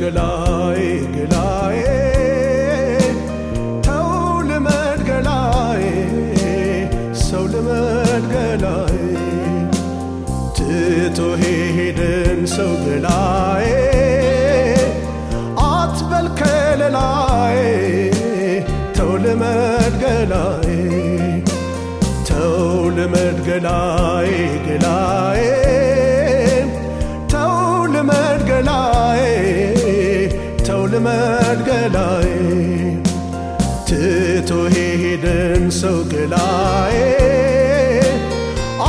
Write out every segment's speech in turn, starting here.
ገላዬ ገላዬ ተው ልመድ ገላዬ ሰው ልመድ ገላዬ ትቶ ሄደን ሰው ገላዬ አትበል ከለላዬ ተው ልመድ ገላዬ ተው ልመድ ገላዬ ገላዬ ወጥመድ ገላዬ ትቶ ሄደን ሰው ገላዬ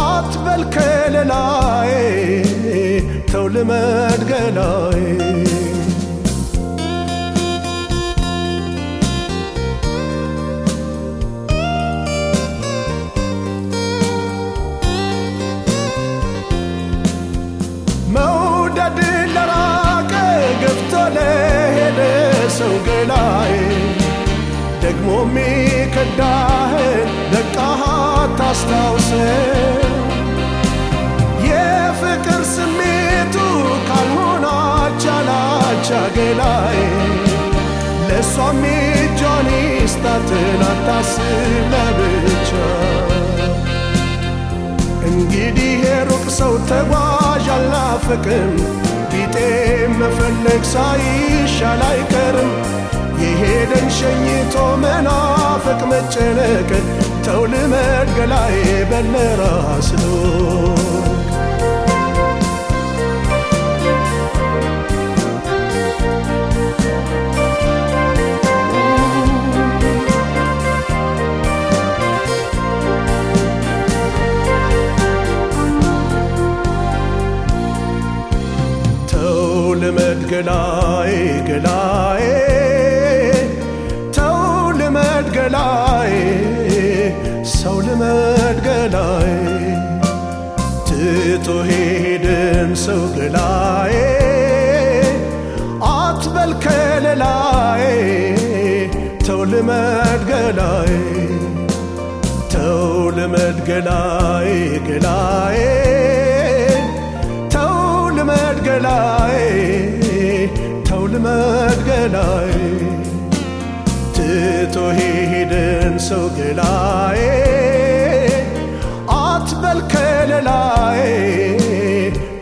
አትበል ከለላዬ ተው ልመድ ቆሜ ከዳህን ለቃህ ታስታውሰ የፍቅር ስሜቱ ካልሆነ አቻላቻ ገላዬ ለእሷም እጇን ስታትን አታስብ ለብቻ እንግዲህ የሩቅ ሰው ተጓዥ አላፍቅም ቢጤ መፈለግ ሳይሻል አይቀርም የሄደን ሸኝቶ መናፈቅ መጨነቅን ተው ልመድ ገላዬ ልመድ ሰው ገላዬ አትበል ከለላዬ ተው ልመድ ገላዬ ተው ልመድ ገላዬ ገላዬ ተው ልመድ ገላዬ ተው ልመድ ገላዬ ትቶ ሄደን ሰው ገላዬ አትበል ከለላዬ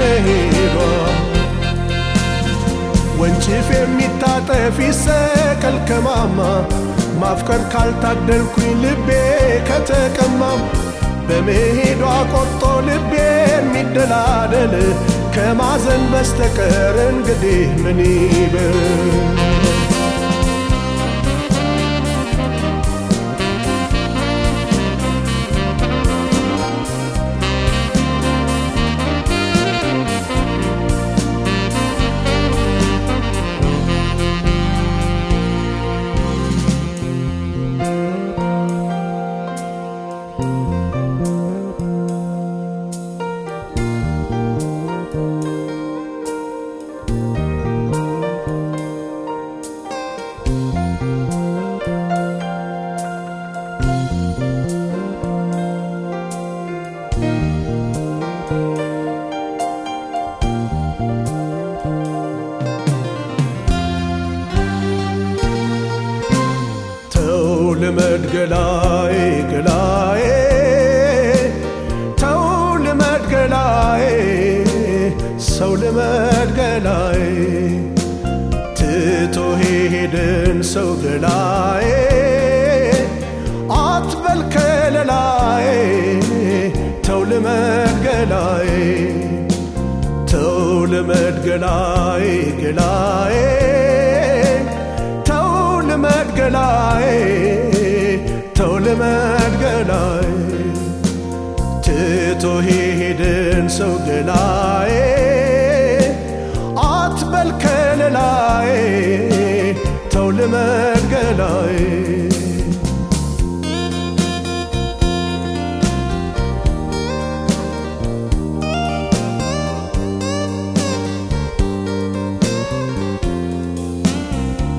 መሄዷ ወንጭፍ የሚታጠፍ ይሰቀል ከማማ ማፍቀር ካልታደልኩኝ ልቤ ከተቀማም በመሄዷ ቆርጦ ልቤ የሚደላደል ከማዘን በስተቀር እንግዲህ ምን ይበል ልመድ ገላዬ ገላዬ ተው ልመድ ገላዬ ሰው ልመድ ገላዬ ትቶ ሄደን ሰው ገላዬ አትበል ከለላዬ ተው ልመድ ገላዬ ተው ልመድ ገላዬ ገላዬ ትቶ ሄድን ሰው ገላዬ አትበል ከለላዬ ተው ልመድ ገላዬ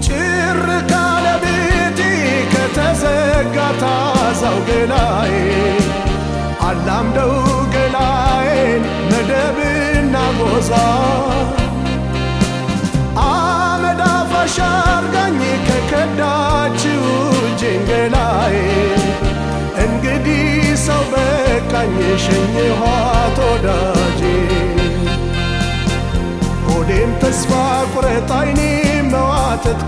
ጭር ገላዬ አላምደው ሞዛ አመዳ ፋሻርጋኝ ከከዳችው ጀንገላይ እንግዲህ ሰው በቃኝ ሸኝኋት ወዳጄ ሆዴም ተስፋ ቁረጥ አይኔ መዋተት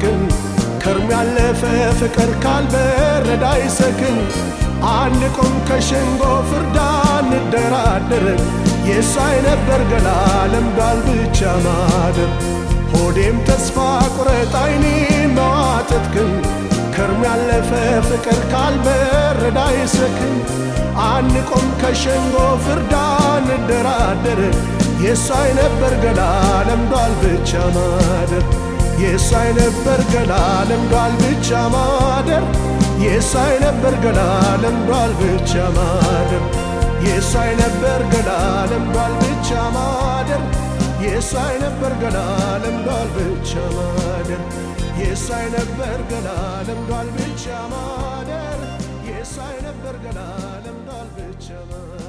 ከርም ያለፈ ፍቅር ካልበረዳ አይሰክን አንቁም ከሸንጎ ፍርዳ እንደራደርን የሳይ ነበር ገና ለምዷል ብቻ ማደር ሆዴም ተስፋ ቁረጥ አይኔ መዋጠት ግን ከርም ያለፈ ፍቅር ካልበረዳ ይሰክን አንቆም ከሸንጎ ፍርዳ እንደራደር የሳይ ነበር ገና ለምዷል ብቻ ማደር የሳይ ነበር ገና ለምዷል ብቻ ማደር የሳይ ነበር ገና ለምዷል ብቻ ማደር የእሱ አይነበር ገና ለምዷል ብቻ ማደር የእሱ አይነበር ገና ለምዷል ብቻ ማደር የእሱ አይነበር ገና ለምዷል ብቻ ማደር የእሱ አይነበር ገና ለምዷል ብቻ ማደር